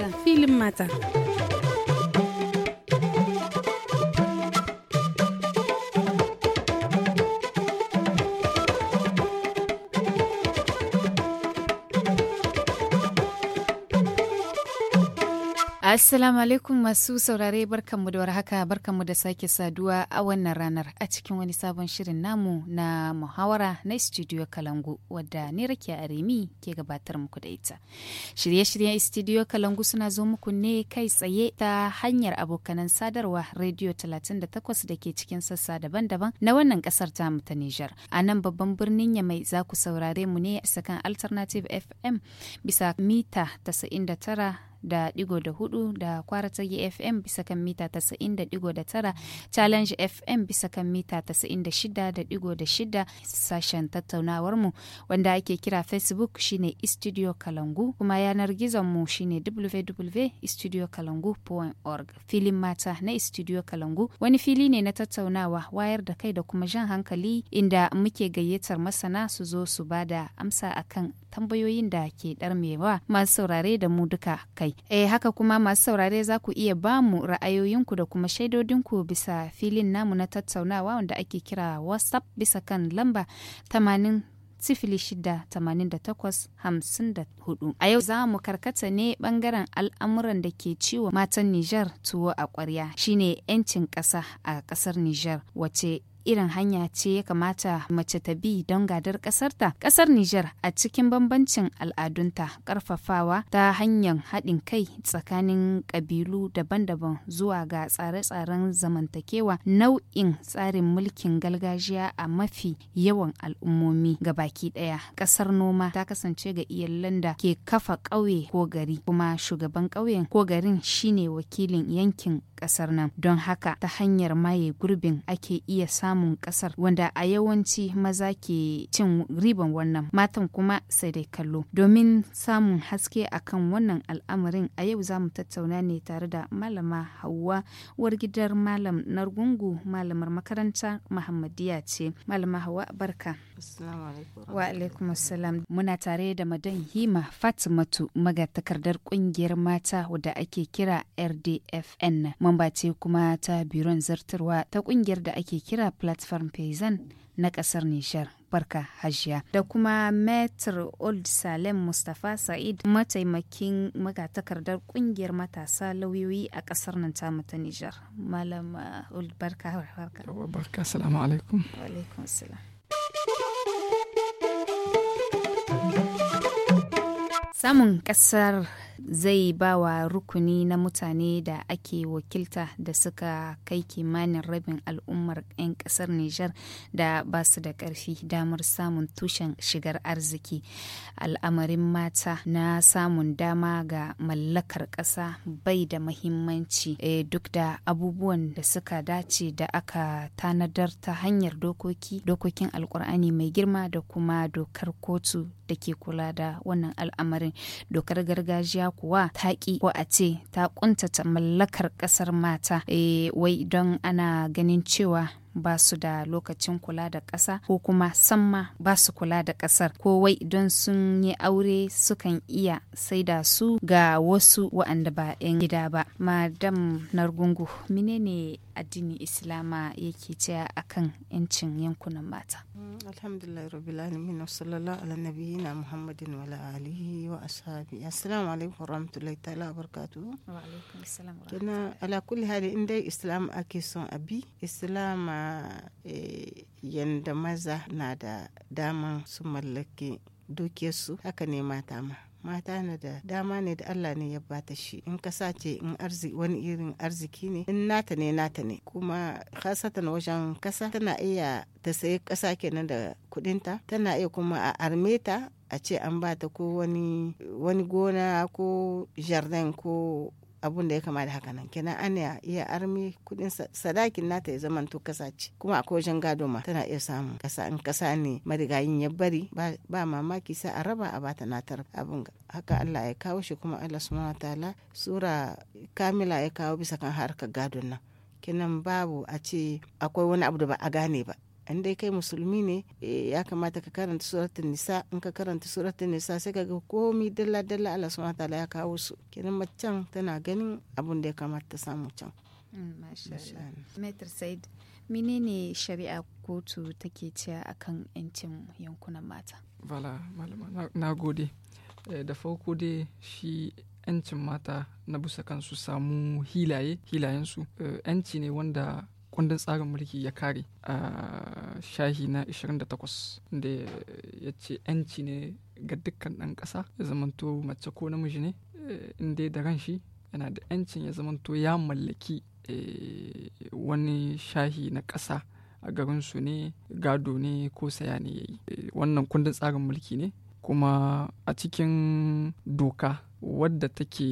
mata filin mata. Assalamu alaikum masu saurare barkanmu da warhaka barkanmu da sake saduwa a wannan ranar a cikin wani sabon shirin namu na muhawara na studio Kalangu wadda ni Rakiya Arimi ke gabatar muku da ita. Shirye-shiryen studio Kalangu suna zo muku ne kai tsaye ta hanyar abokanan sadarwa radio 38 da ke cikin sassa daban-daban na wannan kasar ta mu ta Nijar. A nan babban birnin Yamai za ku saurare mu ne a sakan Alternative FM bisa mita 99 da digo da hudu da kwarata fm bisa kan mita tasa'in da digo da tara challenge fm bisa kan mita tasa'in da shida da digo da shida sashen tattaunawar mu wanda ake kira facebook shine studio kalangu kuma yanar gizon mu shine www.studiokalangu.org filin mata na studio kalangu wani fili ne na tattaunawa wayar da kai da kuma jan hankali inda muke gayyatar masana su zo su bada amsa akan tambayoyin da ke darmewa masu saurare da mu duka kai Eh haka kuma masu saurare za ku iya ba mu ra'ayoyinku da kuma shaidodinku bisa filin namu na tattaunawa wanda ake kira WhatsApp bisa kan lamba 80 sifili shida tamanin da takwas hamsin da hudu. A yau za mu karkata ne bangaren al'amuran da ke ciwo matan Nijar tuwo a ƙwarya shine 'yancin ƙasa a ƙasar Nijar wace irin hanya ce ya kamata mace ta bi don gadar ƙasarta ƙasar Nijar a cikin bambancin al'adunta ƙarfafawa ta hanyar haɗin kai tsakanin ƙabilu daban-daban zuwa ga tsare-tsaren zamantakewa nau'in tsarin mulkin gargajiya a mafi yawan al'ummomi ga baki ɗaya ƙasar noma ta kasance ga iyalan da ke kafa ƙauye ko gari kuma shugaban ƙauyen ko garin shine wakilin yankin ƙasar nan don haka ta hanyar maye gurbin ake iya samun ƙasar wanda a yawanci maza ke cin riban wannan matan kuma sai dai kallo domin samun haske akan wannan al'amarin a yau za mu tattauna ne tare da malama hauwa wargidar malam nargungu malamar makaranta muhammadiya ce malama hauwa barka wa alaikum assalam muna tare da madan hima fatimatu magatakardar kungiyar mata wadda ake kira rdfn Mamba kuma ta biron zartarwa ta kungiyar da ake kira Platform Paysan na kasar Nishar. Barka Hajiya da kuma Metr Old Salem Mustapha Sa'id mataimakin magatakardar kungiyar matasa lauyoyi a kasar nan ta ta Nijar. Malam uh, Old Barka Barka. Barka salamu alaikum. alaikum salam. Samun kasar zai ba wa rukuni na mutane da ake wakilta da suka kai kimanin rabin al'ummar 'yan kasar Nijar da ba su da ƙarfi damar samun tushen shigar arziki. Al'amarin mata na samun dama ga mallakar ƙasa bai da mahimmanci e, duk da abubuwan da suka dace da aka tanadar ta hanyar dokoki, dokokin alkur'ani mai girma da kuma dokar kotu da ke kula da wannan al'amarin. Dokar gargajiya kuwa ta ƙi ko a ce ta ƙuntata mallakar ƙasar mata eh, wai don ana ganin cewa ba su da lokacin kula da ƙasa ko kuma samma ba su kula da ƙasar ko wai idan sun yi aure sukan iya saida su ga wasu wa'anda ba 'yan gida ba madam nargungu menene addinin islama yake cewa akan 'yancin yankunan mata mm, alhamdulillah ala kulli hali in dai islam ake son abi islam ah, Eh, yanda maza na da daman su mallake dukiyarsu haka ne mata ma mata na da dama ne da Allah ne ya bata shi in ka sace in arziki wani irin arziki ne in nata ne nata ne kuma hasatan wajen kasa tana iya ta sayi kasa kenan da kudinta tana iya kuma a armeta a ce an bata ko wani wani gona ko jardin ko abun da ya kama da haka nan kenan ana iya armi kudin sadakin nata ya zaman to kasa ce kuma akwai wajen gado ma tana iya samun kasa in kasa ne marigayin ya bari ba mamaki sai a raba a bata natar abun haka Allah ya kawo shi kuma Allah subhanahu wataala sura kamila ya kawo bisa kan harkar gadon nan kenan babu a ce akwai wani abu da ba a gane ba an dai kai musulmi ne eh, ya kamata ka karanta suratun nisa in ka karanta suratun nisa sai ka ga komi dalla dalla Allah subhanahu ta'ala ya kawo su kenan macen tana ganin abun da ya kamata ta samu can mm, Maitar Said, menene shari'a kotu take cewa akan 'yancin yankunan mata? Bala, malama, na gode. Eh, da farko dai shi 'yancin mata na bisa kansu samu hilaye hilayensu eh, 'yanci ne wanda kundin tsarin mulki ya kare a shahi na 28 da ya ce 'yanci ne ga dukkan ɗan ƙasa ya zamanto mace ko namiji ne eh, inda da ran shi yana da 'yancin ya zamanto ya mallaki eh, wani shahi na ƙasa a garinsu ne gado ne ko saya ne ya yi eh, wannan kundin tsarin mulki ne kuma a cikin doka wadda take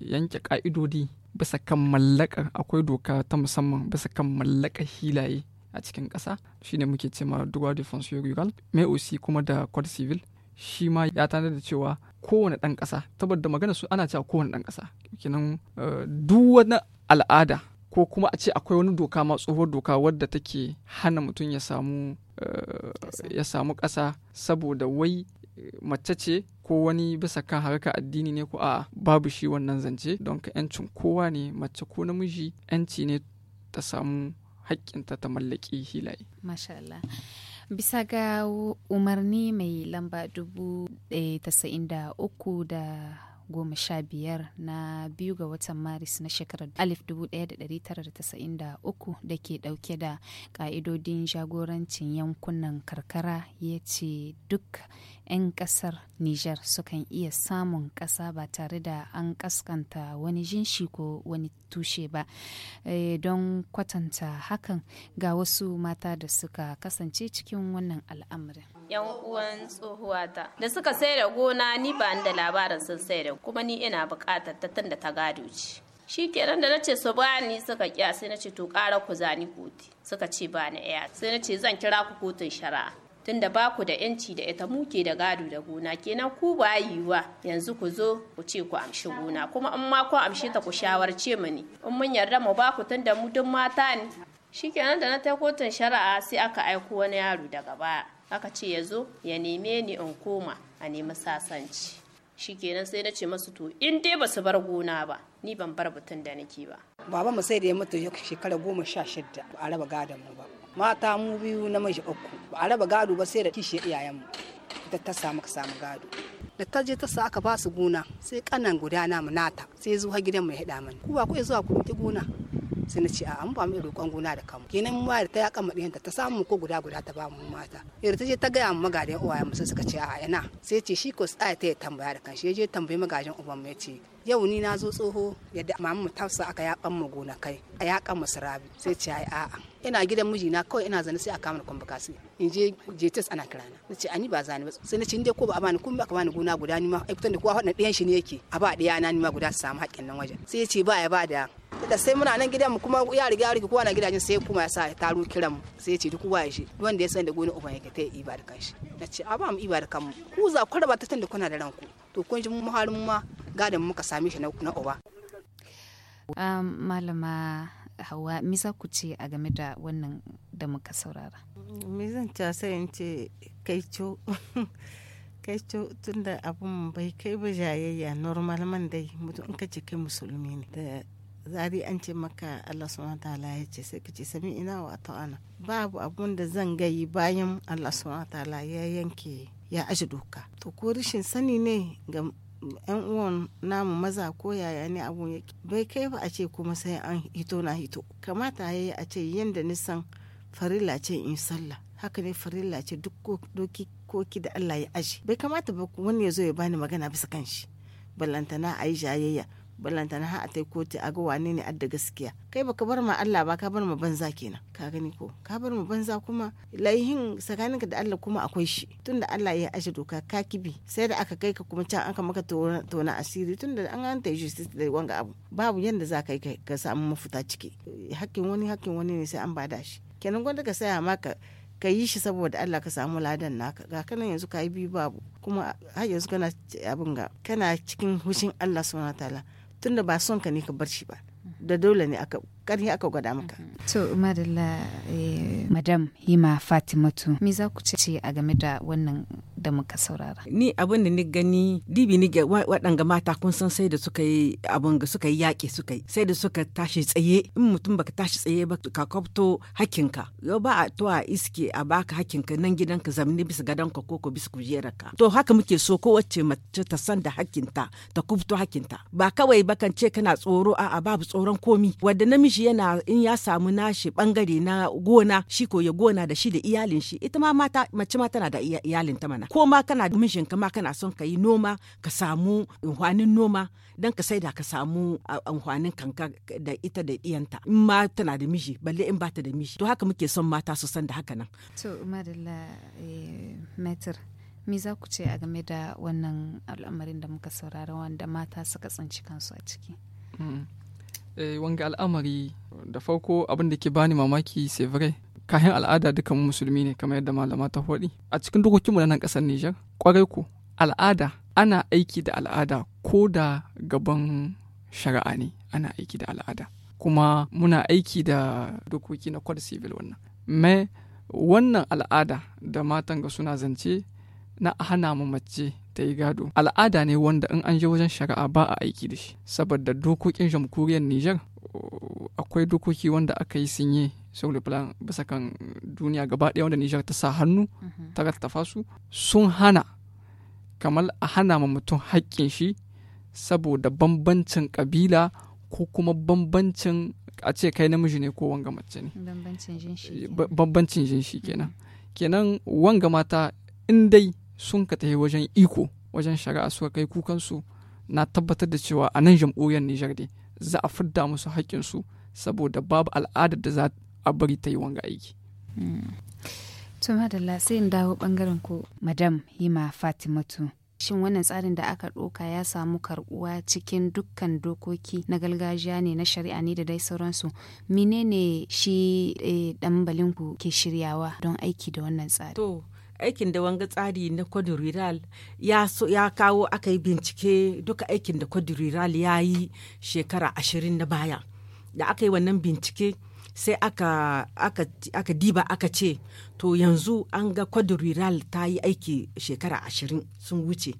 yanke ka'idodi. bisa kan mallaka akwai doka ta musamman bisa kan mallaka hilaye a cikin ƙasa shine muke ce ma droit de rural mai kuma da code civil shi ma ya tanar da cewa kowane dan ƙasa tabbata magana su ana cewa kowane ɗan ƙasa kenan eh, duk wani al'ada ko kuma a ce akwai wani doka ma tsohuwar doka wadda take hana mutum ya samu eh, ya samu ƙasa saboda wai mace ce ko wani bisa kan harka addini ne ko a babu shi wannan zance don ka 'yancin kowa ne mace ko namiji 'yanci ne ta samu haƙƙinta ta mallaki hilaye. bisa ga umarni mai lamba dubu da goma sha biyar na biyu ga watan maris na shekarar alif dubu daya da dari tara da tasa'in da uku da ke ɗauke da ƙa'idodin jagorancin yankunan karkara ya ce duk 'yan ƙasar niger sukan iya samun ƙasa ba tare da an ƙaskanta wani jinshi ko wani tushe ba e, don kwatanta hakan ga wasu mata da suka kasance cikin wannan al'amarin yan uwan tsohuwa ta da suka sai da gona ni ba da labarin sun sai da kuma ni ina bukatar ta tun da ta gado ce shi kenan da nace su bani suka kiya sai nace to kara ku zani koti suka ce ba na iya sai nace zan kira ku kotun shari'a tunda ba ku da yanci da ita muke da gado da gona kenan ku ba yiwa yanzu ku zo ku ce ku amshi gona kuma in ma ku amshi ta ku shawarce mu ne in mun yarda mu ba ku tunda mu duk mata ne shi kenan da na ta kotun shari'a sai aka aiko wani yaro daga baya aka ce ya zo ya neme ni in koma a nemi sasanci shi kenan sai na ce masu to in dai ba su bar gona ba ni ban bar batun da nake ba baba mu sai da ya mutu shekara goma sha shida ba a raba gadon mu ba mata mu biyu namiji uku ba a raba gado ba sai da kishi iyayen mu da ta samu ka samu gado da ta je ta sa aka ba su gona sai kanan gudana mu nata sai zuwa gidan mu ya hada mana ku ba ku zuwa ku gona sai na ce a'a mu ba mu roƙon gona da kamu kenan mu da ta ya kama ɗiyanta ta samu ko guda guda ta ba mu mata yadda ta je ta gaya mu magajin uwayen mu musu suka ce a'a ina sai ce shi ko tsaya ta yi tambaya da kanshi ya je tambayi magajin uban mu ya ce yau ni na zo tsoho yadda mamu tafsa aka ya kama gona kai. a ya kama sirabi sai ce ai a'a ina gidan mijina kawai ina zane sai a kama kwambakasi in je jetes ana kirana na ce ani ba zani ba sai na ce dai ko ba a bani kun ba ka bani gona guda ni ma aikutan da kowa faɗin ɗayan shi ne yake a ba ɗaya na ni ma guda su samu haƙƙin nan wajen sai ya ce ba ya ba da da sai muna nan gidan mu kuma ya riga ya riga kowa na gidajen sai kuma ya sa ta taro kiran mu sai ya ce duk waye shi wanda ya san da gonin uban yake ta iba da kanshi na ce a ba mu iba da kanmu ku za ku raba ta tun da kuna da ranku to kun ji mu harin ma gadan muka same shi na uba malama hawa me ku ce a game da wannan da muka saurara me zan ta sai in ce kaico kaico tunda abun bai kai ba jayayya normal man dai mutum ka ce kai musulmi ne zari an ce maka Allah subhanahu ta'ala ya ce sai kace sami ina wa ta'ana babu abun da zan gayi bayan Allah subhanahu ta'ala ya yanke ya aji doka to ko rashin sani ne ga yan uwan namu maza ko yaya ne abun yake bai kai ba a ce kuma sai an hito na hito kamata yayi a ce yanda nisan farilla ce in sallah haka ne farilla ce duk koki da Allah ya aji bai kamata ba wani ya zo ya bani magana bisa kan shi ballantana a yi jayayya ballanta na a tai koti a ga wane ne adda gaskiya kai baka bar ma Allah ba ka bar ma banza kenan ka gani ko ka bar ma banza kuma laihin tsakaninka da Allah kuma akwai shi tunda Allah ya aje doka ka kibi sai da aka kai ka kuma can aka maka tona asiri tunda an an tai justice da wanga abu babu yanda za ka yi ka samu mafuta ciki hakkin wani hakkin wani ne sai an bada shi kenan gwanda ka saya maka ka yi shi saboda Allah ka samu ladan naka ga kana yanzu ka yi biyu babu kuma har yanzu kana abin ga kana cikin hushin Allah subhanahu wataala tunda ba son ka ne ka bar shi ba da dole ne aka karhi aka gwada maka. To madalla eh, madam Hima Fatimatu me za ku ce a game da wannan da muka saurara. Ni abin da ni gani dibi ni waɗanga mata kun san sai da suka yi abin ga suka yi yaƙi suka yi sai da suka tashi tsaye in mutum baka tashi tsaye ba ka kwabto hakinka yau ba a to a iske a baka hakinka nan gidanka zamani bisa ka ko ko bisa ka. To haka muke so kowace mace ta san da hakinta ta kubto hakinta ba kawai ba bakan ce kana tsoro a'a babu tsoron komi wanda namiji yana in ya samu nashi bangare na gona shi ko ya gona da shi da iyalin shi ita ma mata mace ma tana da iyalinta mana ko ma kana da mijinka ma kana son ka yi noma ka samu amfanin noma dan ka saida ka samu amfanin kanka da ita da diyanta in ma tana da miji balle in bata da miji to haka muke son mata su san da haka nan to madalla eh, metr me za ku ce a game da wannan al'amarin da muka saurara wanda mata suka tsinci kansu a ciki mm. eh, wanga al'amari da farko abinda da ke bani mamaki sevrai kayan al'ada dukan musulmi ne kamar yadda malama ta faɗi a cikin dokokinmu na nan ƙasar Nijar kwarai ku. al'ada ana aiki da al'ada ko da gaban shari'a ne ana aiki da al'ada kuma muna aiki da dokoki na code civil wannan Me? wannan al'ada da matan ga suna zance na hana mu mace ta yi gado al'ada ne wanda in an je wajen shari'a ba a aiki da shi saboda dokokin jamhuriyar Nijar oh, akwai dokoki wanda aka yi sinye sur le plan bisa kan duniya gaba ɗaya wanda Nijar ta sa hannu mhm. ta rattafa su sun hana kamar a hana ma mutum haƙƙin shi saboda bambancin ƙabila ko kuma bambancin a ce kai namiji ne ko wanga mace ne bambancin jinshi kenan mhm. kenan wanga mata in dai sun ka tafi wajen iko wajen shari'a suka kai kukansu na tabbatar da cewa a nan jam'uriyar Nijar ne za a fidda musu haƙƙinsu saboda babu al'adar da za a bari ta yi wanga aiki. Hmm. Tun madalla sai in dawo bangaren ku madam Hima Fatimatu. Shin wannan tsarin da aka ɗoka ya samu karɓuwa cikin dukkan dokoki na gargajiya ne na shari'a ne da dai sauransu. Menene shi dambalinku eh, ke shiryawa don aiki da wannan tsari? aikin da wanga tsari na kwaduriral ya kawo aka yi bincike duka aikin da kwaduriral ya yi shekara ashirin na baya da aka yi wannan bincike sai aka, diba aka ce to yanzu an ga kwaduriral ta yi aiki shekara ashirin sun wuce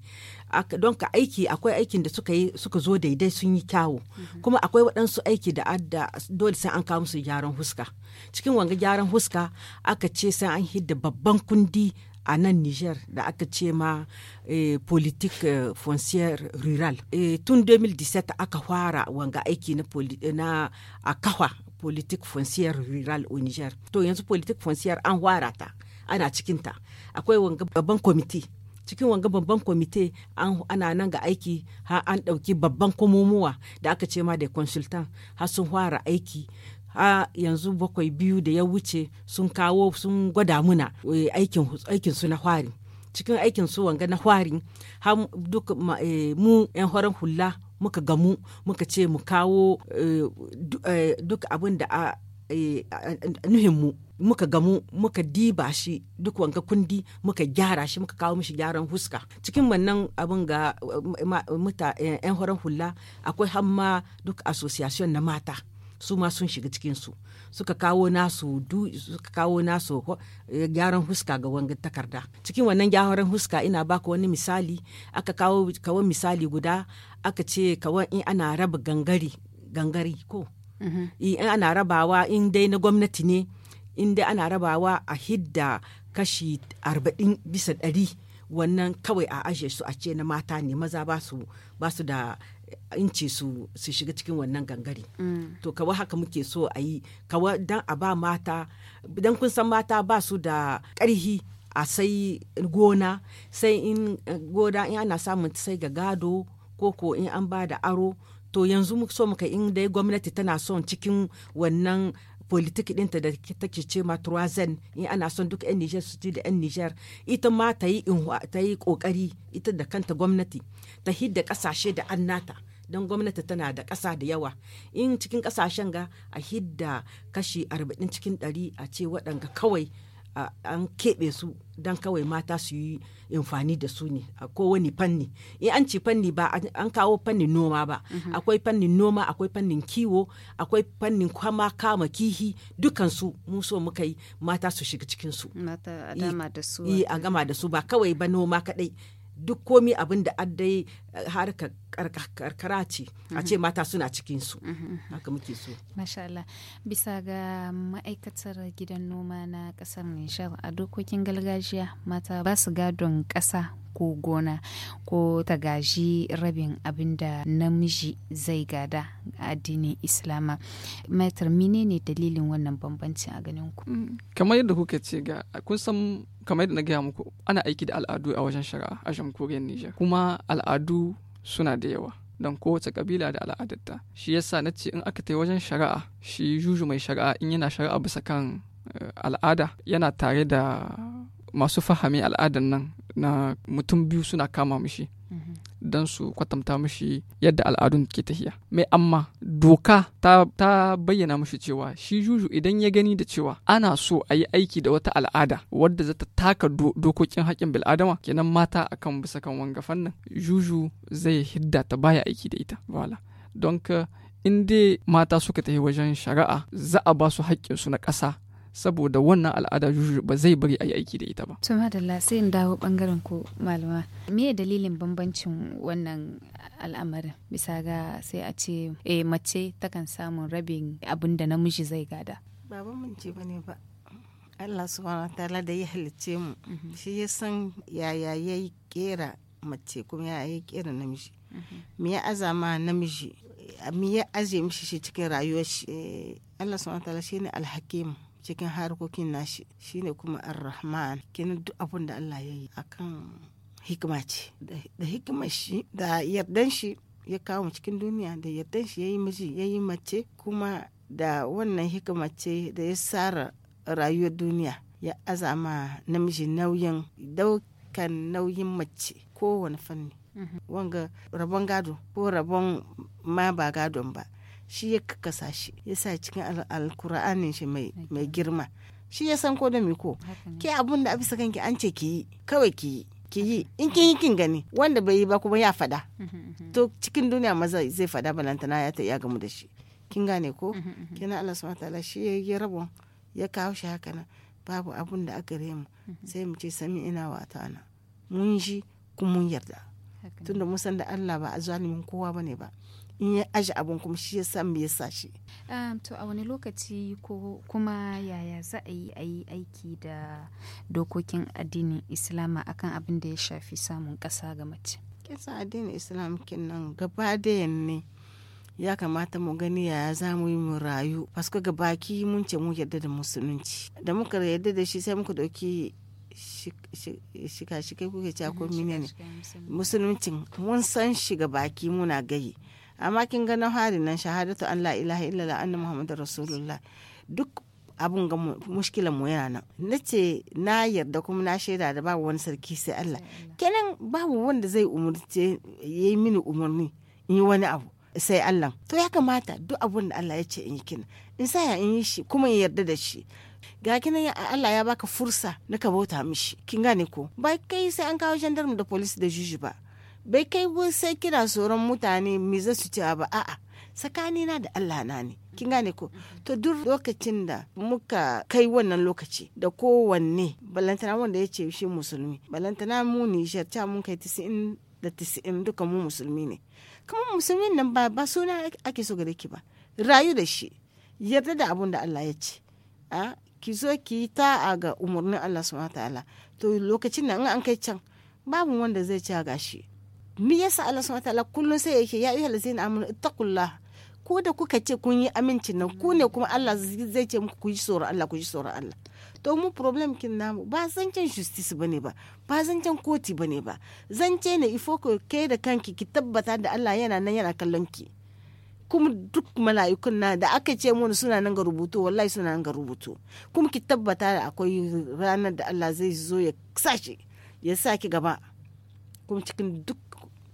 don ka aiki akwai aikin da suka yi suka zo daidai sun yi kyawu mhm. kuma akwai waɗansu aiki da adda dole sai an kawo musu gyaran huska cikin wanga gyaran huska aka ce sai an hidda babban kundi a nan niger da aka ce ma eh, politique eh, foncière rural eh, tun 2017 aka fara wanga aiki na, na a kawa politique foncière rural au niger to yanzu politique foncière an fara ta ana cikinta akwai wanga babban kwamiti cikin wanga babban kwamite ana nan ga aiki ha an ɗauki babban komomowa da aka ce ma da consultant har sun fara aiki a yanzu bakwai biyu da ya wuce sun kawo sun gwada muna eh, aikin su na hwari cikin aikin su wanga na hwari duk eh, mu 'yan horon hula muka gamu muka ce mu kawo eh, duk abin da nuhinmu muka gamu muka diba shi duk wanga kundi muka gyara shi muka kawo mishi gyaran huska cikin wannan abin ga 'yan horon hula akwai hamma duk association na mata su ma sun shiga cikin su suka kawo nasu du suka kawo nasu eh, gyaran huska ga wangin takarda cikin wannan gyaran huska ina baka wani misali aka kawo kawo misali guda aka ce kawai in ana raba gangari gangari ko mm-hmm. eh, in ana rabawa in dai na gwamnati ne in dai ana rabawa a hidda kashi arba'in bisa ɗari wannan kawai a ajiye su a ce na mata ne maza ba su da ce su su shiga cikin wannan gangare mm. to kawai haka muke so a yi kawai dan a ba mata dan kun san mata ba su da ƙarhi a sai gona sai in eh, gona in ana samun sai ga gado ko ko in an ba da aro to yanzu so muka in dai gwamnati tana son cikin wannan politik ɗinta da take ce ma Troazen in ana son duk 'yan Nijar su ci da 'yan Nijar ita ma ta yi ƙoƙari ita da kanta gwamnati ta hidda ƙasashe da annata don gwamnati tana da ƙasa da yawa in cikin ƙasashen ga a hidda kashi arba'in cikin ɗari a ce waɗanga kawai an keɓe su don kawai mata su yi amfani da su ne a kowane fanni in an ci fanni ba an kawo fannin noma ba mhm. akwai fannin noma akwai fannin kiwo akwai fannin kama kama kihi dukansu mu so muka yi mata su shiga cikinsu a gama da su ba kawai ba noma kadai duk komi abin da harkar karkara mhm. ce a ce mata suna cikin su mhm, mhm. haka muke so masha Allah bisa ga ma'aikatar gidan noma na kasar Nishar a dokokin gargajiya mata ba su gadon kasa ko gona ko ta gaji rabin abin namiji zai gada a addinin islama maitar menene dalilin wannan bambanci a ganin ku mm. kamar yadda kuka ce ga kun san kamar yadda na gaya muku ana aiki da al'adu a wajen shari'a a jamhuriyar nijar kuma al'adu suna da yawa don kowace kabila da al'adarta shi yasa na ce in aka tai wajen shari'a shi juju mai shari'a in yana shari'a bisa kan eh, al'ada yana tare da masu fahami al'adan nan na mutum biyu suna kama mishi mhm. don su kwatanta mishi yadda al'adun ke tahiya mai amma doka ta, ta bayyana mishi cewa shi juju idan ya gani da cewa ana so a yi aiki da wata al'ada wadda zata taka dokokin haƙƙin bil'adama kenan mata akan bisa kan wanga fannin juju zai hidda ta baya aiki da ita wala don ka dai mata suka tafi wajen shari'a za a ba su haƙƙinsu na ƙasa saboda wannan al'ada ba zai bari a yi aiki da ita ba. To madalla sai in dawo bangaren ko malama. Me dalilin bambancin wannan al'amarin bisa ga sai a ce eh mace takan samun rabin abin da namiji zai gada. Ba bambanci ne ba. Allah subhanahu taala da ya halicce mu mm-hmm. shi ya san yaya ya yi kera mace kuma yaya ya kera namiji. Mm-hmm. Me ya azama namiji me ya aje mishi shi cikin rayuwar shi eh, Allah subhanahu shi ne alhakimu. cikin harkokin nashi shine kuma ar-rahman kenan duk abun da Allah ya yi akan hikima ce da hikimar shi da yardan shi ya kawo cikin duniya da yardan shi ya yi miji ya mace kuma da wannan hikima ce da ya sara rayuwar duniya ya azama namiji nauyin daukan nauyin mace kowane fanni mm-hmm. wanga rabon gado ko rabon ma ba gadon ba shi ya kakasa shi ya sa cikin alkur'anin shi mai girma shi ya san ko da ko ke abun da abisa kanki an ce ki yi kawai ki yi ki yi in kin yi kin gani wanda bai yi ba kuma ya fada mhm, mhm. to cikin duniya maza zai fada balantana ya ta ya gamu da shi kin gane ko mhm, kina Allah subhanahu wataala shi ya rabon ya kawo shi haka nan babu abun da aka mu sai mu ce sami ina wa ta'ana mun ji kuma mun yarda tunda mun san da Allah ba a zalumin kowa bane ba in ya aji abin kuma shi ya san me ya sa shi to a wani lokaci ko kuma yaya za a yi a aiki da dokokin addinin islama akan abin da ya shafi samun kasa ga mace kisa addinin islam kinnan gaba ne ya kamata mu gani yaya za mu yi mu rayu fasko ga baki mun ce mu yarda da musulunci da muka yarda da shi sai muka dauki shika-shikai kuke cakon ko mine mhm, ne musuluncin mun san shi ga baki muna gayi amma kin ga na hari nan shahadatu an la ilaha illallah anna Muhammadu rasulullah duk abun ga mushkilan mu yana nan na ce na yarda kuma na shaida da babu wani sarki sai Allah kenan babu wanda zai umurce yi mini umarni in yi wani abu sai Allah to ya kamata duk abun da Allah ya ce in yi kina in ya in yi shi kuma in yarda da shi ga kina Allah ya baka fursa na ka bauta mishi kin gane ko ba kai sai an kawo gendarme da police da juji ba bai kai sai kina tsoron mutane mi za su ci ba a'a tsakanina da Allah na ne kin gane ko to duk lokacin da muka kai wannan lokaci da kowanne balantana wanda ya ce shi musulmi balantana mu Nijar sharta mun kai 90 da 90 duka mu musulmi ne kuma musulmi nan ba ba suna ake so gare ki ba rayu da shi yarda da abun da Allah ya ce a ki zo ki ta ga umarnin Allah subhanahu wataala to lokacin nan an kai can babu wanda zai ci gashi me yasa Allah subhanahu wataala kullun sai yake ya ayyuhal ladzina amanu ittaqullah ko da kuka ce kun yi amincin nan ku ne kuma Allah zai ce muku ku ji tsoron Allah ku ji tsoron Allah to mu problem kin namu ba zancen justice bane ba ba zancen koti bane ba zance ne ifo ko ke da kanki ki tabbata da Allah yana nan yana kallon ki kuma duk mala'ikun na da aka ce mun suna nan ga rubutu wallahi suna nan ga rubutu kuma ki tabbata da akwai ranar da Allah zai zo ya sashi ya sa gaba kuma cikin duk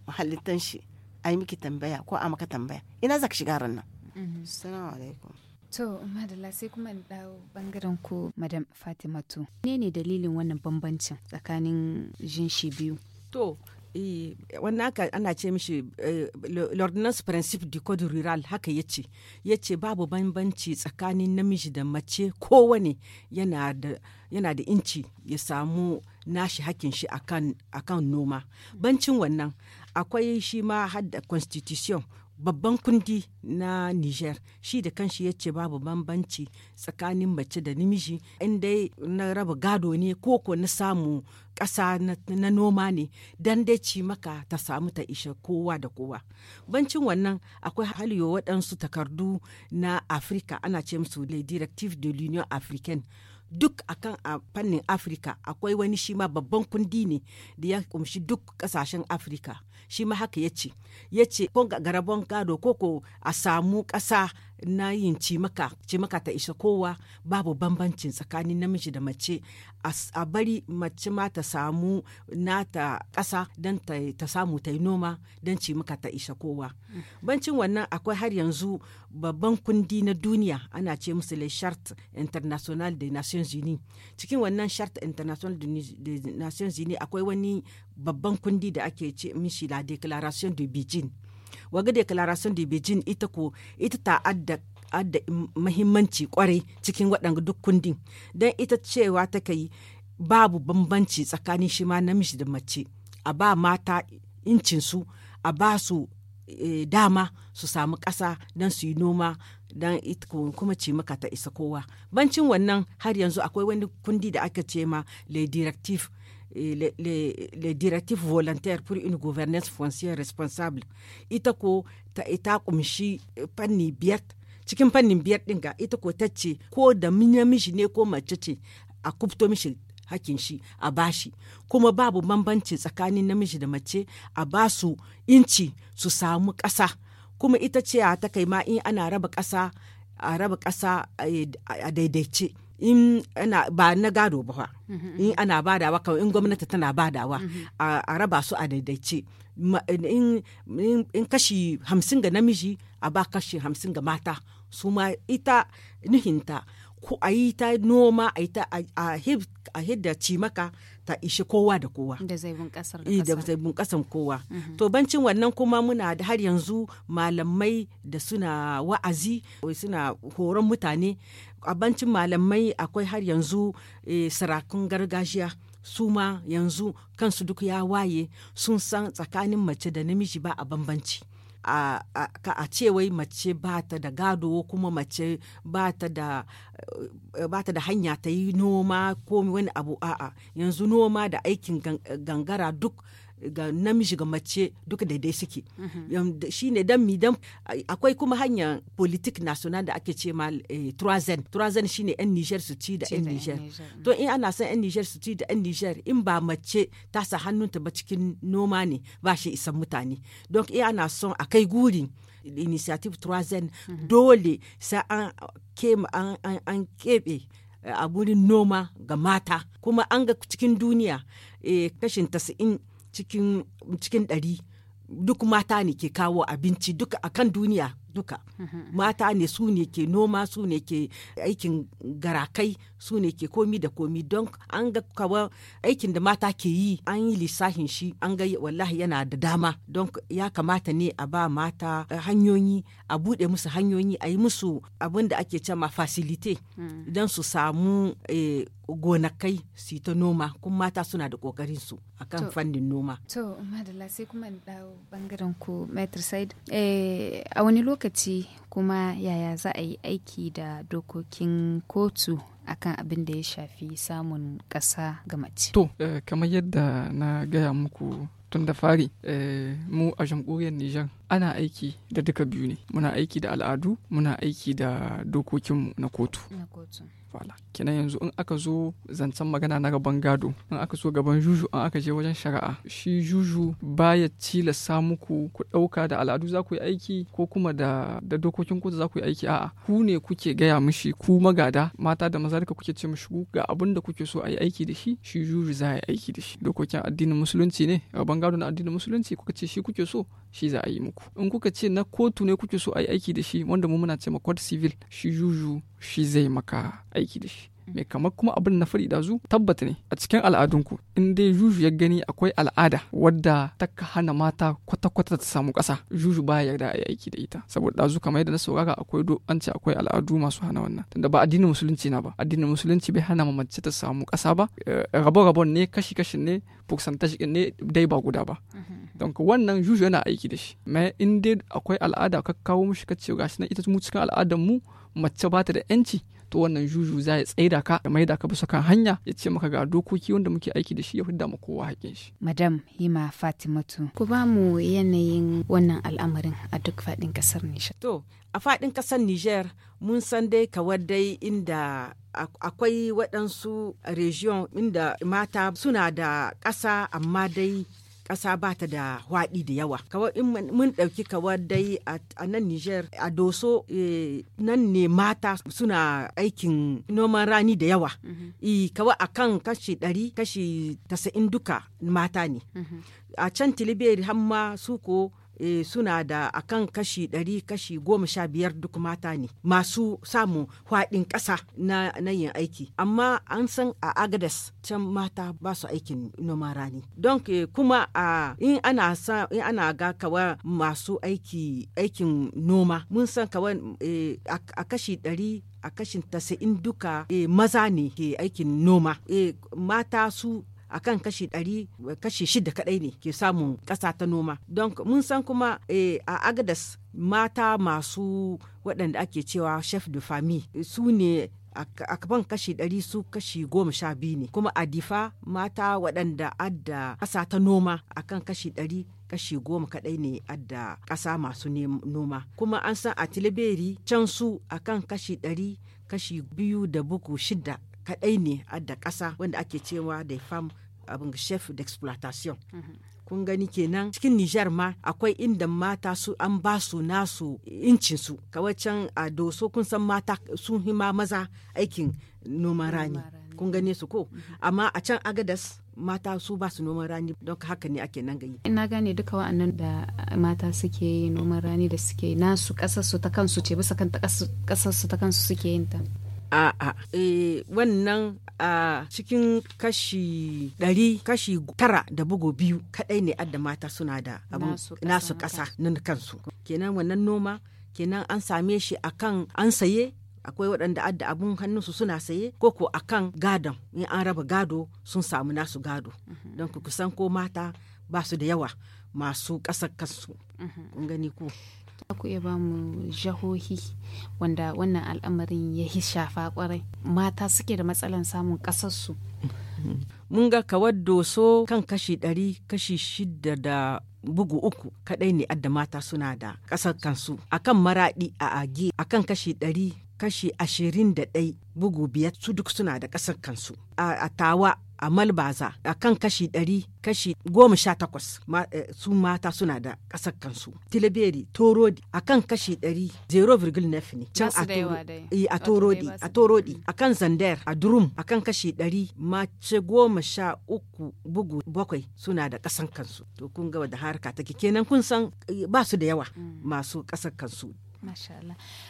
halittan shi a yi miki tambaya ko a maka tambaya ina zaka shiga ran nan mhm. assalamu alaikum To, Madalla sai kuma dawo bangaren ko Madam Fatimatu. Ne ne dalilin wannan bambancin tsakanin jinshi biyu? To, eh, wannan haka ana ce mishi eh, l'ordinance principe du code rural haka ya ce ya ce babu bambanci tsakanin namiji da mace kowane yana da inci ya samu nashi hakkin shi akan kan noma bancin wannan akwai shi ma hadda constitution babban kundi na niger shi da kanshi ya ce babu bambanci tsakanin mace da namiji in na raba gado ne koko na samu ƙasa na noma ne dan dai ci maka ta samu ta isha kowa da kowa bancin wannan akwai haliyo waɗansu takardu na afirka ana ce musu le directive de l'union africaine duk akan a fannin afirka akwai wani shi ma babban kundi ne da ya kumshi duk kasashen afirka shi ma haka ya ce ya ce ko garabon gado ko ko a samu ƙasa na yin cimaka cimaka ta isa kowa babu bambancin tsakanin namiji da mace a bari mace ma ta samu na ta ƙasa don ta samu ta yi noma don cimaka ta isa kowa bancin wannan akwai har yanzu babban kundi na duniya ana ce musu le charte international de nations unies cikin wannan charte international de nations unies akwai wani babban kundi da ake ce mishi la declaration de beijing waga declaration de beijing ita ko ita ta adda adda mahimmanci kwarai cikin waɗanda duk kundin don ita cewa ta kai babu bambanci tsakanin shi ma namiji da mace a ba mata incinsu a ba su eh, dama su samu ƙasa don su yi noma don kuma ce maka ta isa kowa bancin wannan har yanzu akwai wani kundi da aka ce ma le directive les, les, les directives volontaires pour une gouvernance foncière responsable ita ko ta ita kumshi fanni eh, biyar cikin fannin biyar din ga ita ko tace ko da namiji ne ko mace ce a kubto mishi hakin shi a bashi kuma babu bambanci tsakanin namiji da mace a basu inci su samu ƙasa kuma ita ce a takai ma in ana raba ƙasa a raba ƙasa eh, a daidaice in ba na gado ba mm-hmm. in ana badawa kawai in gwamnati tana badawa mm-hmm. a raba su a daidaice in kashi hamsin ga namiji a ba kashi hamsin ga mata su ma ita nuhinta ko a yi ta noma a yi ta a hidda cimaka ta ishe kowa da kowa da zai kasar eh, kowa mm-hmm. to bancin wannan kuma muna da har yanzu malamai da suna wa'azi suna horon mutane abincin malamai akwai har yanzu e, sarakun gargajiya su ma yanzu kansu duk ya waye sun san tsakanin mace da namiji ba a bambanci a, a, ce wai mace ba ta da gado kuma mace ba ta da, eh, da hanya ta yi noma ko wani abu a'a yanzu noma da aikin gangara duk ga namiji ga mace duka daidai suke shi ne dan mi dan akwai kuma hanyar politik national da ake ce ma eh, trozen trozen shi ne yan niger su ci da yan niger mm. to in ana son yan niger su ci da yan niger in ba mace ta sa hannunta ba cikin noma ne ba shi isan mutane don in ana son a kai guri initiative trozen mhm. dole sai an keɓe eh, a gurin noma ga mata kuma an ga cikin duniya eh, kashin tasa'in cikin ɗari duk mata ne ke kawo abinci duk akan duniya duka mm-hmm. mata ne su ne ke noma su ne ke aikin garakai su ne ke komi da komi don an ga kawo aikin da mata ke yi an yi lissahin shi an ga wallahi yana da dama don ya kamata ne a ba mata hanyoyi a bude musu hanyoyi a yi musu abin da ake cema fasilite mm. don su samu eh, gonakai su ta noma kuma mata suna da kokarin su akan fannin noma to madalla sai kuma dawo bangaren ku metricide eh, a wani lokaci lokaci kuma yaya za a yi aiki da dokokin kotu akan abin da ya shafi samun ƙasa ga mace. To, eh, kamar yadda na gaya muku tun da fari, eh, mu a jamhuriyar Nijar ana aiki da duka biyu ne muna aiki da al'adu muna aiki da dokokinmu na kotu fala kenan yanzu in aka zo zancen magana na gaban gado in aka so gaban juju in aka je wajen shari'a shi juju baya tilasta muku ku ɗauka da al'adu za ku yi aiki ko kuma da dokokin kotu za ku yi aiki a'a ku ne kuke gaya mishi ku magada mata da maza duka kuke ce mishi ku ga abin da kuke so a yi aiki da shi shi juju za yi aiki da shi dokokin addinin musulunci ne gaban gado na addinin musulunci kuka ce shi kuke so shi za a yi muku in kuka ce na kotu ne kuke so a yi aiki da shi wanda mu muna ce ma civil shi juju shi zai maka aiki da shi Mai kamar kuma abin na faɗi dazu tabbata ne a cikin al'adunku in dai juju ya gani akwai al'ada wadda ta hana mata kwata-kwata ta samu kasa. juju baya yarda a yi aiki da ita saboda dazu kamar yadda na saurara akwai an ce akwai al'adu masu hana wannan tunda ba addinin musulunci na ba addinin musulunci bai hana mace ta samu kasa ba eh, rabo-rabon ne kashi-kashi ne fuksantashi ne dai ba guda ba don wannan juju yana aiki da shi mai in dai akwai al'ada ka kawo mishi ka ce gashi na ita mu cikin al'adar mu mace bata da 'yanci to wannan juju za ya tsaida ka ya maida ka bisa kan hanya ya ce maka ga dokoki wanda muke aiki da shi ya fidda mu kowa haƙin shi madam hima fatimatu ku ba mu yanayin wannan al'amarin a duk faɗin ƙasar nijar to a faɗin ƙasar nijar mun san dai kawar dai inda akwai waɗansu region inda mata suna da ƙasa amma dai ƙasa ba ta da hwaɗi da yawa kawai in mun ɗauki kawai dai a nan niger a doso eh, nan ne mata suna aikin noman rani da yawa mhm. i a kan kashi ɗari kashi tasa'in duka mata ne mhm. a can tilibiyar hamma suko e, suna da akan kashi ɗari kashi goma sha biyar duk mata ne masu samun faɗin ƙasa na, na yin aiki amma an san a agadas can mata ba su aikin noma rani don e, kuma a in ana sa in ana ga kawa masu aiki aikin noma mun san kawa e, a kashi ɗari a kashin tasa'in duka e, maza ne ke aikin noma e, mata su akan kashi ɗari kashi shida kaɗai ne ke samun ƙasa ta noma don mun san kuma e, a agadas mata masu waɗanda ake cewa chef de famille eh, su ne a kaban kashi ɗari su kashi goma sha biyu ne kuma a difa mata waɗanda adda ƙasa ta noma akan kashi ɗari kashi goma kaɗai ne adda ƙasa masu noma kuma an san a tilibiri can su akan kashi ɗari kashi biyu da buku shida kaɗai ne a da ƙasa wanda ake cewa da fam abin chef d'exploitation mhm. kun gani kenan cikin Nijar ma akwai inda mata su an ba su nasu incinsu kawai can a doso kun san mata sun hima maza aikin noman rani kun gane su ko mhm. amma a can agadas mata su ba su noman rani don haka ne ake nan gani ina gane duka wa'annan da mata suke yi noman rani da suke nasu kasar su ta kansu ce bisa kan kasar su ta kansu suke yin ta A'a, e wannan a cikin kashi ɗari kashi tara da bugu biyu kaɗai ne adda mata suna da nasu ƙasa nan kansu. Kenan wannan noma kenan an same shi a kan an saye akwai waɗanda adda abun hannunsu suna saye ko ko a kan gadon in an raba gado sun samu nasu gado mhm. don ku kusan ko mata ba su da yawa masu ƙasar kansu mhm. gani Za ku iya ba mu jahohi wanda wannan al'amarin ya yi shafa kwarai mata suke da matsalan samun kasarsu. Mun ga kawar doso kan kashi ɗari kashi shida da bugu uku kaɗai ne adda mata suna da ƙasar kansu akan maraɗi a age akan kashi ɗari kashi ashirin da ɗai bugu biyar su duk suna da ƙasar kansu a tawa a malbaza a kan kashi ɗari kashi goma sha takwas eh, su mata suna da ƙasar kansu tilaberi torodi a kan kashi ɗari 0,9 ne can a eh, torodi a torodi a kan zander a durum a kan kashi ɗari mace goma sha uku bugu bakwai suna da ƙasar kansu to kun ga da harka take kenan kun san eh, ba su da yawa mm. masu ƙasar kansu Masha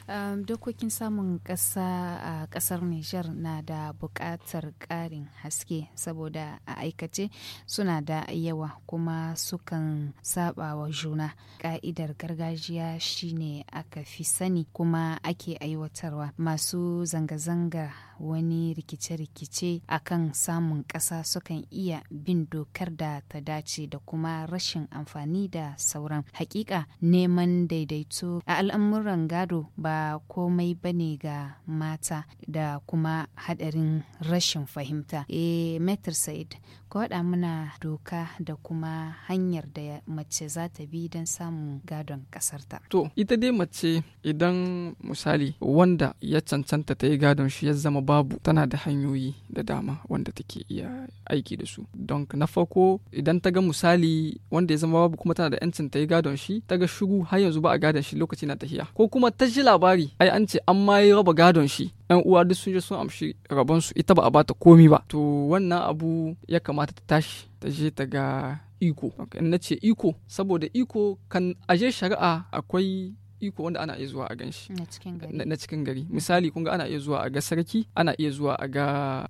Um, Dokokin samun ƙasa a uh, ƙasar Nijar na da buƙatar ƙarin haske saboda a aikace suna da yawa kuma sukan saba wa juna. Ƙa'idar gargajiya shine aka fi sani kuma ake aiwatarwa. Masu zanga-zanga wani rikice-rikice a kan samun ƙasa sukan iya bin dokar da ta dace da kuma rashin amfani da sauran. Hakika neman daidaito a al'amur al'amuran gado ba komai bane ga mata da kuma hadarin rashin fahimta. E, eh, Metr Said, koda muna doka da kuma hanyar da mace za ta bi don samun gadon kasarta. To, ita dai mace idan misali wanda ya cancanta ta yi gadon shi ya zama babu tana da hanyoyi da dama wanda take iya aiki da su. Don na farko idan ta ga misali wanda ya zama babu kuma tana da 'yancin ta yi gadon shi, ta ga shugu har yanzu ba a gadon shi lokaci na tahiya. ko kuma ta ji labari ai an ce an ma yi raba gadon shi yan uwa duk sun je sun amshi rabon su ita ba a bata komi ba to wannan abu ya kamata ta tashi ta je ta ga iko in na ce iko saboda iko kan aje shari'a akwai iko wanda ana iya zuwa a ganshi na cikin gari misali kun ga ana iya zuwa a ga sarki ana iya zuwa a ga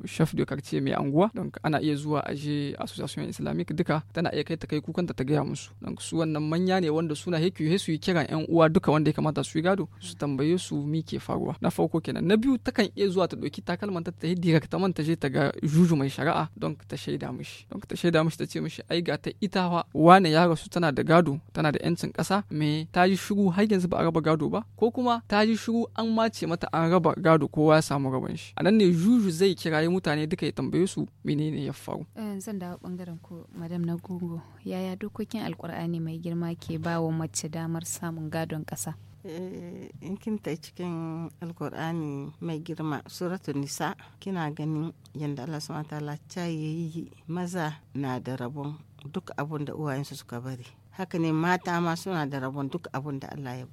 chef de quartier mai anguwa don ana iya zuwa a je association islamique duka tana iya kai ta kai kukanta ta gaya musu don su wannan manya ne wanda suna hekiyo su yi kiran yan uwa duka wanda ya kamata su gado su tambaye su mi ke faruwa na farko kenan na biyu takan iya zuwa ta ɗauki takalman ta yi direct man ta je ta ga juju mai shari'a don ta shaida mishi don ta shaida mishi ta ce mishi ai ga ta itawa wane ya rasu tana da gado tana da yancin kasa? me ta yi shiru har yanzu ba a raba gado ba ko kuma ta ji shiru an mace mata an raba gado kowa ya samu rabon shi a nan ne juju zai kirayi mutane duka ya tambaye su menene ya faru eh, zan dawo bangaren ku madam na gogo yaya dokokin alkur'ani mai girma ke ba wa mace damar samun gadon kasa eh, in kin ta cikin alkur'ani mai girma suratu nisa kina ganin yadda Allah subhanahu wataala ta yi maza na da rabon duk abun da uwayensu suka bari haka ne mata ma suna da rabon duk abun da Allah ya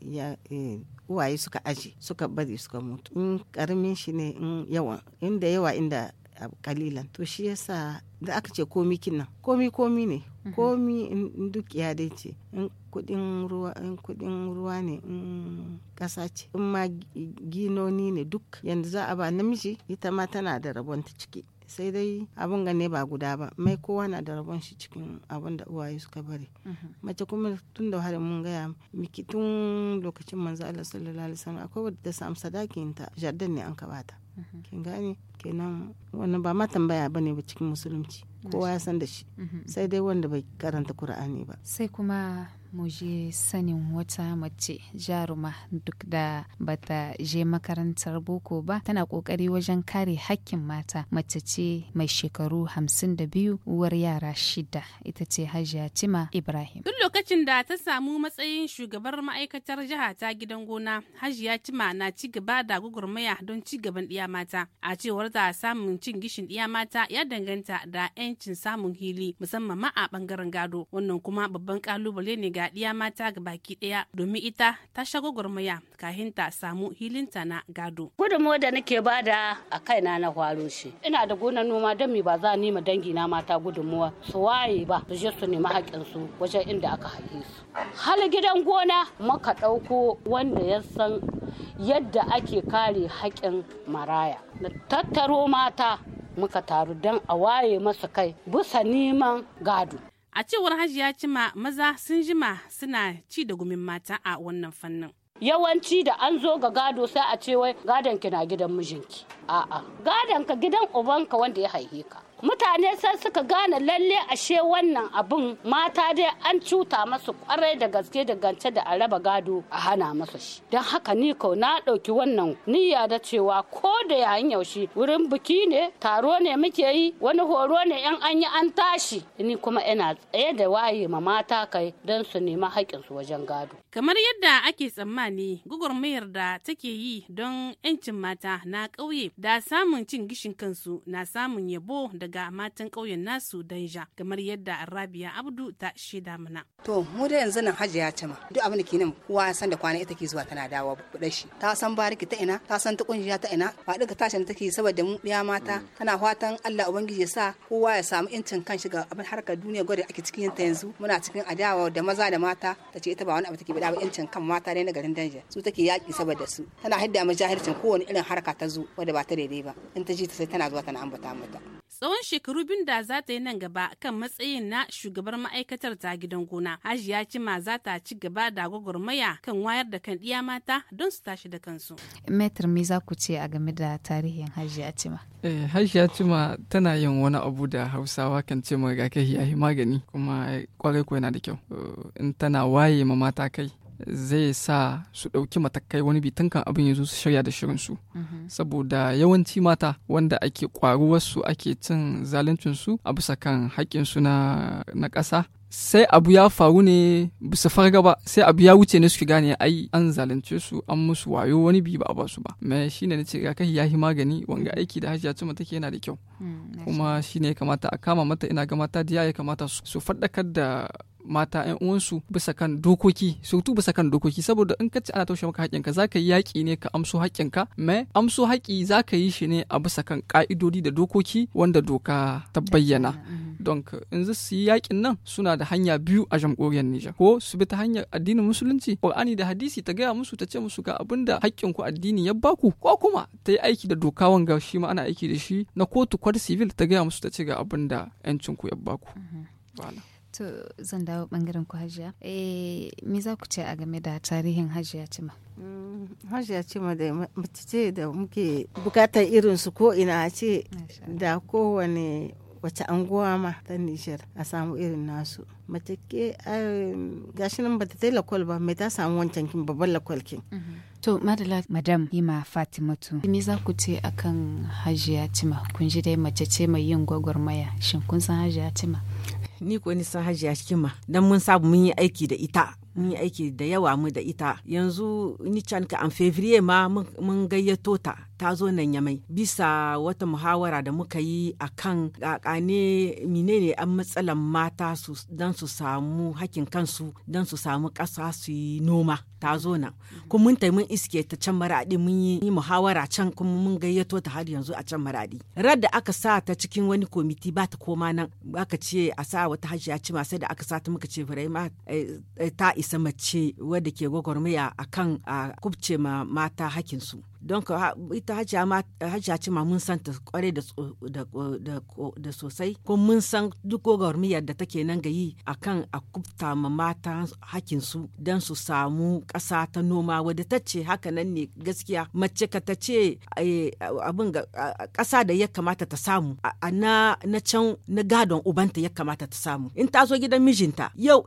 ya eh, uwaye suka aji suka bari suka mutu in karamin shi ne in yawa inda yawa inda kalilan to shi yasa da aka ce komi kinnan komi komi ne mhm. komi in dukiya dai ce in kudin ruwa in kudin ruwa ne in kasa ce in ma ginoni ne duk yanzu za a ba namiji ita ma tana da rabon ta ciki sai dai abun gane ba guda ba mai kowa na da rabon shi cikin abun da uwaye suka bari mhm. mace kuma tun da wahala mun gaya miki tun lokacin manzo Allah sallallahu alaihi wasallam akwai wadda ta samu sadakin ta jardin ne an kabata bata mhm. kin gane kenan wannan ba ma tambaya bane ba cikin musulunci kowa ya san da shi mhm. sai dai wanda bai karanta Qur'ani ba sai kuma mu je sanin wata mace jaruma duk da bata je makarantar boko ba tana kokari wajen kare hakkin mata mace ce mai shekaru hamsin da biyu uwar yara shida ita ce hajiya cima ibrahim duk lokacin da ta samu matsayin shugabar ma'aikatar jiha ta gidan gona hajiya cima na ci gaba da gugurmaya don ci gaban ɗiya mata a cewar ta samun cin gishin ɗiya mata ya danganta da 'yancin samun hili musamman ma a bangaren gado wannan kuma babban kalubale ne ga ga mata ga baki ɗaya domin ita ta sha gurmaya kahin ta samu hilinta na gado. gudummawa da nake bada a kaina na hwaro shi. Ina da gonar noma don mi ba za a ma dangi na mata gudunmuwa su waye ba su je su nemi su wajen inda aka haƙe su. Hal gidan gona maka ɗauko wanda ya san yadda ake kare haƙƙin maraya. Na tattaro mata muka taru don a waye masa kai bisa neman gado A cewar Hajiya Cima maza sun jima suna ci da gumin mata a wannan fannin. Yawanci da an zo ga gado sai a ce wai gadon ki na gidan mijinki. A'a, gadon ka gidan ubanka wanda ya haife ka. mutane sai suka gane lalle ashe wannan abun mata dai an cuta masu kwarai da gaske da gance da a raba gado a hana masu shi don haka ni ko na ɗauki wannan niyya da cewa ko da yayin yaushe wurin biki ne taro ne muke yi wani horo ne yan an yi an tashi ni kuma ina tsaye da waye ma mata kai don su nemi haƙƙinsu wajen gado kamar yadda ake tsammani gugurmayar da take yi don 'yancin mata na ƙauye da samun cin gishin kansu na samun yabo daga daga matan ƙauyen nasu danja kamar yadda arabiya abdu ta shaida mana to mu da yanzu nan hajiya ce ma duk abin da ke nan kowa san da kwana ita ke zuwa tana dawa kudin shi ta san bariki ta ina ta san ta kunjiya ta ina ba duka tashin take saboda mu ɗaya mata mm. tana fatan Allah ubangiji ya sa kowa ya samu incin kan shiga abin harkar duniya gwada ake cikin ta yanzu muna cikin adawa da maza da mata ta ce ita ba wani abu take bada ba incin kan mata ne na garin danja su take yaki saboda su tana hidda mu jahilcin kowane irin harka ta zo wadda ba ta daidai ba in ta ji ta sai tana zuwa tana ambata mata tsawon shekaru binda da za ta yi nan gaba kan matsayin na shugabar ma'aikatar ta gidan gona hajiya cima za ta ci gaba da gwagwarmaya kan wayar da kan iya mata don su tashi da kansu metar me za ku ce a game da tarihin hajiya cima eh hajiya cima tana yin wani abu da hausawa kan ce ma ya yayi magani kuma kwarai ko yana da kyau eh, in tana waye ma mata kai zai sa su ɗauki matakai wani bitan kan abin ya zo su shirya da shirinsu mm-hmm. saboda yawanci mata wanda ake ƙwaruwarsu ake cin zaluncinsu a bisa kan haƙƙinsu na ƙasa sai abu ya faru ne bisa farga ba sai abu ya wuce ne suke gane ai an zalunce su an musu wayo wani bi ba a basu ba me shine ce ga ya yi magani wanga aiki da hajiya tuma take yana da kyau mm, kuma shine ya kamata a kama mata ina ga mata da ya kamata su faɗakar da mata yan uwansu bisa kan dokoki surtu bisa kan dokoki saboda in ka ci ana taushe maka haƙƙinka za ka yi yaƙi ne ka amso haƙƙinka Me amso haƙƙi za ka yi shi ne a bisa kan ƙa'idodi da dokoki wanda doka ta bayyana mhm. don in za su yi yaƙin nan suna da hanya biyu a jamhuriyar Nijar ko su bi ta hanyar addinin musulunci Qur'ani da hadisi ta gaya musu ta ce musu ga abin da haƙƙinku ku addini ya baku ko kuma ta yi aiki da doka wanga shi ma ana aiki da shi na kotu kwar civil ta gaya musu ta ce ga abin da 'yancin ku ya mhm. baku. Voilà. To zan dawo bangaren ku hajiya. Eh, me za ku ce a game da tarihin hajiya cima? Mm, hajiya cima da mace ce da muke bukatar irin su ko ina ce da kowane wace anguwa ma ta Nijar a samu irin nasu. Mace ke gashi nan ba ta lakwal ba mai ta samu wancan kin babban lakwal kin. Mm-hmm. To madala madam Hima Fatimatu me za ku ce akan Hajiya Cima kun ji dai mace ce mai yin gwagwarmaya shin kun san Hajiya Cima? ni ko ni san hajiya cikin ma dan mun sabu mun yi aiki da ita mun yi aiki da yawa mu da ita yanzu ni can ka an fevrier ma mun gayyato ta ta zo nan yamai bisa wata muhawara da muka yi a kan ƙaƙane ne an matsalan mata don su samu hakin kansu don su samu ƙasa su yi noma ta zo nan kuma mun mun iske ta can maraɗi mun yi muhawara can kuma mun gayyato ta har yanzu a can maraɗi rad da aka sa ta cikin wani komiti ba ta koma nan aka ce a sa wata hajiya ci sai da aka sa ta muka ce ma eh, eh, ta isa mace wadda ke gwagwarmaya akan a kubce ma mata hakinsu don ka ita hajji ma mun san ta kware da sosai ko mun san duk gwagwarmiyar da take nan ga yi kan a kubta ma mata hakinsu don su samu ƙasa ta noma wadda ta ce haka nan ne gaskiya mace ka ta ce eh, abin ƙasa da ya kamata ta samu na can na gadon ubanta ya kamata ta samu in ta zo gidan mijinta yau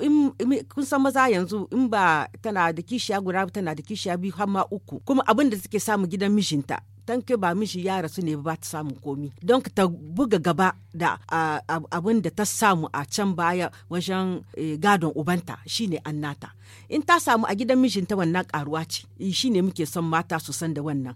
kun san maza yanzu in ba tana da kishiya guda tana da kishiya biyu har uku kuma abin da take samu gidan mijinta tanke ba mishi ya rasu ne ba ta samu komi don ta buga gaba da abin da ta samu a can baya wajen eh, gadon ubanta shine annata in ta samu a gidan mijinta wannan karuwa ce eh, shine muke son mata su san da wannan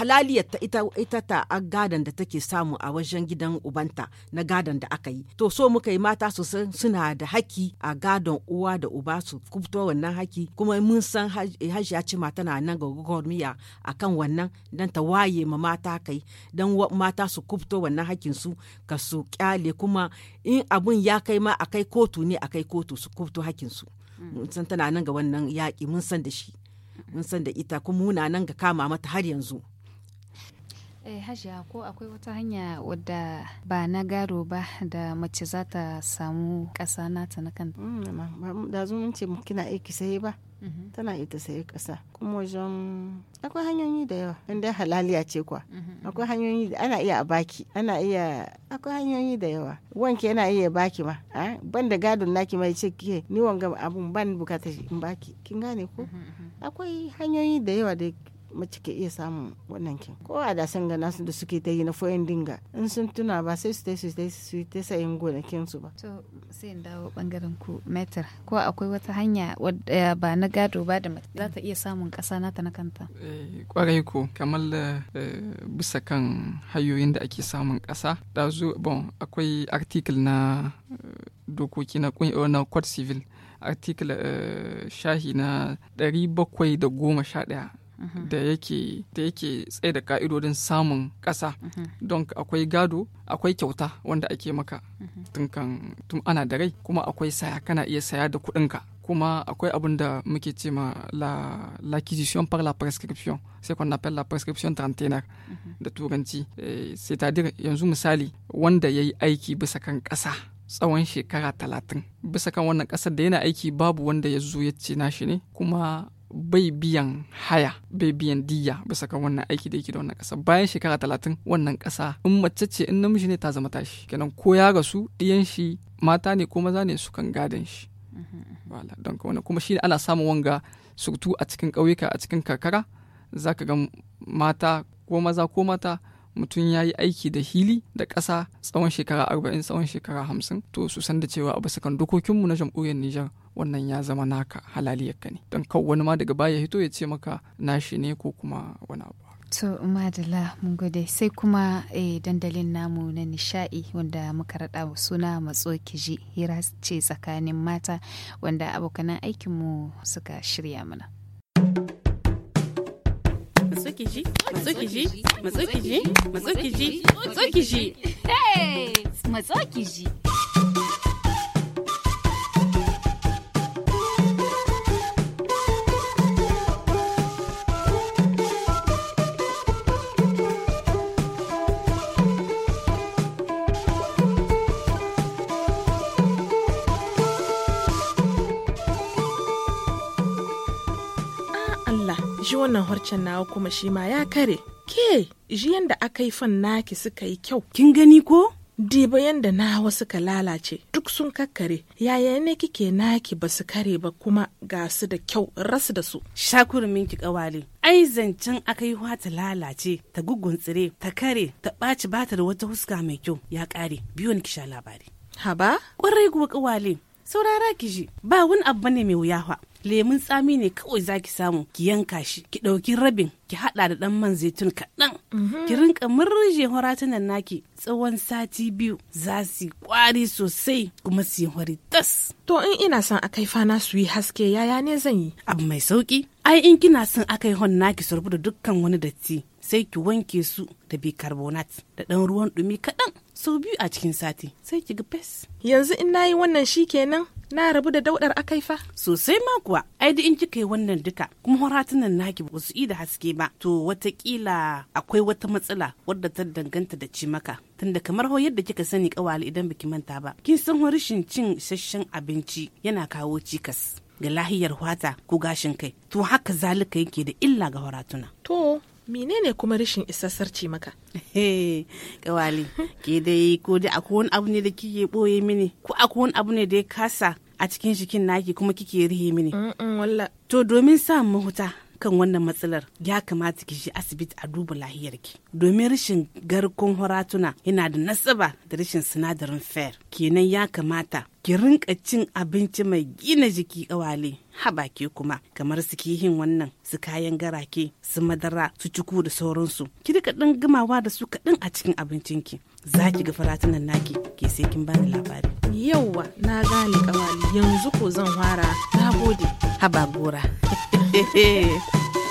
halaliyar ta ita ta a gadon da take samu a wajen gidan ubanta na gadon da aka yi to so muka yi mata su san suna da haki a gadon uwa da uba su kubto wannan haki kuma mun san hajiya mata tana nan ga gwagwarmiya kan wannan nan ta waye ma mata kai don mata su kubto wannan hakin su ka su kyale kuma in abun ya kai ma akai kotu ne akai kotu su kubto hakin su mm. mun san tana nan ga wannan yaƙi mun san da shi mun san da ita kuma muna nan ga kama mata har yanzu Eh, hajiya ko akwai wata hanya wadda ba na gado ba da mace za ta samu ƙasa nata na kanta. Mm, da zumunci kina aiki sai ba mm-hmm. tana ita sai kasa. kuma wajen akwai hanyoyi da yawa inda halaliya ce kwa mm-hmm, mm-hmm. akwai hanyoyi da ana iya a baki ana iya akwai hanyoyi da yawa wanke yana iya baki ma ban da gadon naki mai ce ke ni wanga abun ban bukata in baki kin gane ko akwai hanyoyi da yawa da mace iya samun wannan kin ko a da san gana su da suke ta yi na foyin dinga in sun tuna ba sai su ta su ta su ta sayin gonakin su ba to sai in dawo bangaren ku metar ko akwai wata hanya wadda ba na gado ba da za ta iya samun kasa nata na kanta kwarai eh, ko kamar eh, bisa kan hanyoyin da ake samun kasa da zo bon akwai article na eh, dokoki na na code civil article shahi na 711 Mhm. da yake da yake tsaye da ka'idodin samun ƙasa mhm. don akwai gado akwai kyauta wanda ake maka mhm. tun tun ana da rai kuma akwai saya kana iya saya da kuɗinka kuma akwai abin da muke ce ma la l'acquisition par la prescription sai qu'on appelle la prescription trentenaire da turanci eh, c'est-à-dire yanzu misali wanda yayi aiki bisa kan ƙasa tsawon shekara talatin bisa kan wannan ƙasar da yana aiki babu wanda ya zo ya ce nashi ne kuma bai biyan haya bai biyan diya bisa kan wannan aiki da yake da wannan ƙasa bayan shekara talatin wannan ƙasa in mace ce in namiji ne ta zama tashi kenan ko ya rasu ɗiyan shi mata ne ko maza ne su kan gadon shi mm-hmm. wala don wani kuma shi ana samun wanga surtu a cikin ƙauyuka a cikin karkara za ka ga mata ko maza ko mata mutum ya yi aiki da hili da ƙasa tsawon shekara arba'in tsawon shekara hamsin to su san da cewa a bisa kan dokokinmu na jamhuriyar Nijar wannan ya zama naka halaliyarka ne don kawo wani ma daga baya hito ya ce maka nashi ne ko kuma wani abu To Madala mun gode sai kuma e, dandalin namu na nishaɗi wanda muka raɗa suna matso kiji hira ce tsakanin mata wanda abokanan mu suka shirya mana. Matso kiji, matso kiji, matso kiji, matso kiji, Matso kiji. ji wannan harcen nawa kuma shi ma ya kare ke ji yanda aka yi fan naki suka yi kyau kin gani ko diba yanda nawa suka lalace duk sun kakkare yaya ne kike naki ba su kare ba kuma ga su da kyau rasu da su shakurumin ki kawale ai zancen aka yi ta lalace ta guguntsire ta kare ta ɓaci bata da wata huska mai kyau ya ƙare biyu ki sha labari haba ƙwarai kuwa kawale saurara ki ji ba wani abu ne mai wuya fa lemun tsami ne kawai zaki samu ki yanka shi ki ɗauki rabin ki haɗa da ɗan man zaitun kaɗan mhm. ki rinka murje horatunan naki tsawon sati biyu za su kwari sosai kuma su yi hori tas. To in ina son akai fana su yi haske yaya ne zan yi? Abu mai sauƙi. Ai in kina son akai hon naki sorbu da dukkan wani datti sai ki wanke su da bicarbonate da ɗan ruwan ɗumi kaɗan sau biyu a cikin sati sai ki ga fes. Yanzu in nayi wannan shi kenan na rabu da daudar akai fa. Sosai ma kuwa, ai da in kika yi wannan duka kuma horatunan naki ba su yi da haske ba, to watakila akwai wata matsala wadda ta danganta da cimaka. Tunda kamar hau yadda kika sani kawali idan baki manta ba, kin san rashin cin isasshen abinci yana kawo cikas ga lahiyar hwata ko gashin kai. To haka zalika yake da illa ga horatuna. To, menene kuma rashin isassar ce maka kawali ke dai ko dai akwai wani abu ne da kike boye mini ko akwai wani abu ne da ya kasa a cikin jikin naki kuma kike rihe mini to domin samun mahuta kan wannan matsalar ya kamata ki je asibiti a duba lahiyarki domin rashin garkon horatuna yana da nasaba da rashin sinadarin fer kenan ya kamata ki rinka cin abinci mai gina jiki kawale haba ke kuma kamar su yin wannan su kayan garake su madara su cuku da sauransu ki rika dan gamawa da su kaɗan a cikin abincinki za ki ga faratunan naki ke sai kin bani labari yauwa na gane kawali yanzu ko zan fara na gode Hababura.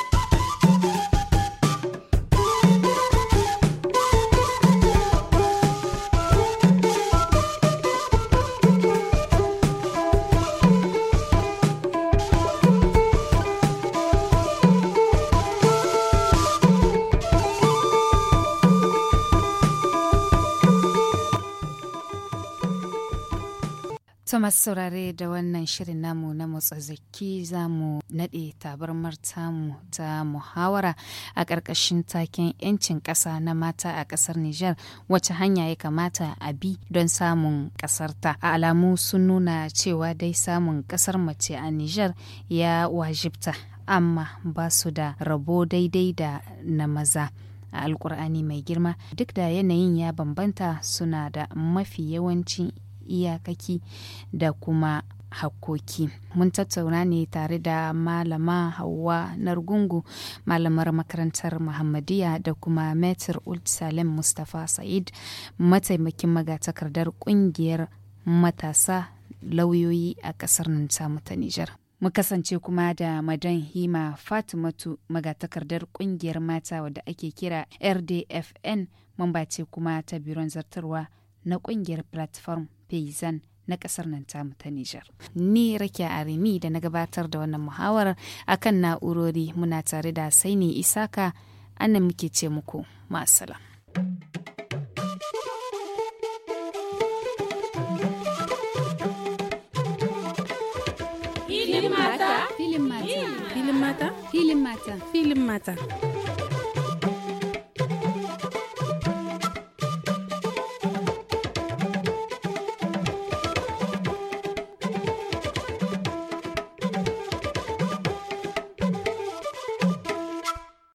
To masu saurare da wannan shirin namu na motsa zaki za mu naɗe tabarmar tamu ta muhawara a ƙarƙashin taken 'yancin ƙasa na mata a ƙasar Nijar wace hanya ya kamata a bi don samun ƙasarta. A alamu sun nuna cewa dai samun ƙasar mace a Nijar ya wajibta amma ba su da rabo daidai da na maza. a alkur'ani mai girma duk da yanayin ya bambanta suna da mafi yawancin iyakaki da kuma hakkoki. Mun tattauna ne tare da malama Hauwa Nargungu, malamar makarantar Muhammadiyya da kuma Metir Ult Salem Mustapha Sa'id, mataimakin magatakardar kungiyar matasa lauyoyi a ƙasar nan tamu ta Nijar. Mu kasance kuma da madan Hima Fatimatu magatakardar kungiyar mata wadda ake kira RDFN, mambace kuma ta biron zartarwa na kungiyar platform Paysan na ƙasar nan tamu ta Nijar. Ni Rakiya Arimi da na gabatar da wannan muhawarar kan na'urori muna tare da Saini Isaka annan muke ce muku ma'asala. Filin filin mata, filin mata, filin mata, filin mata.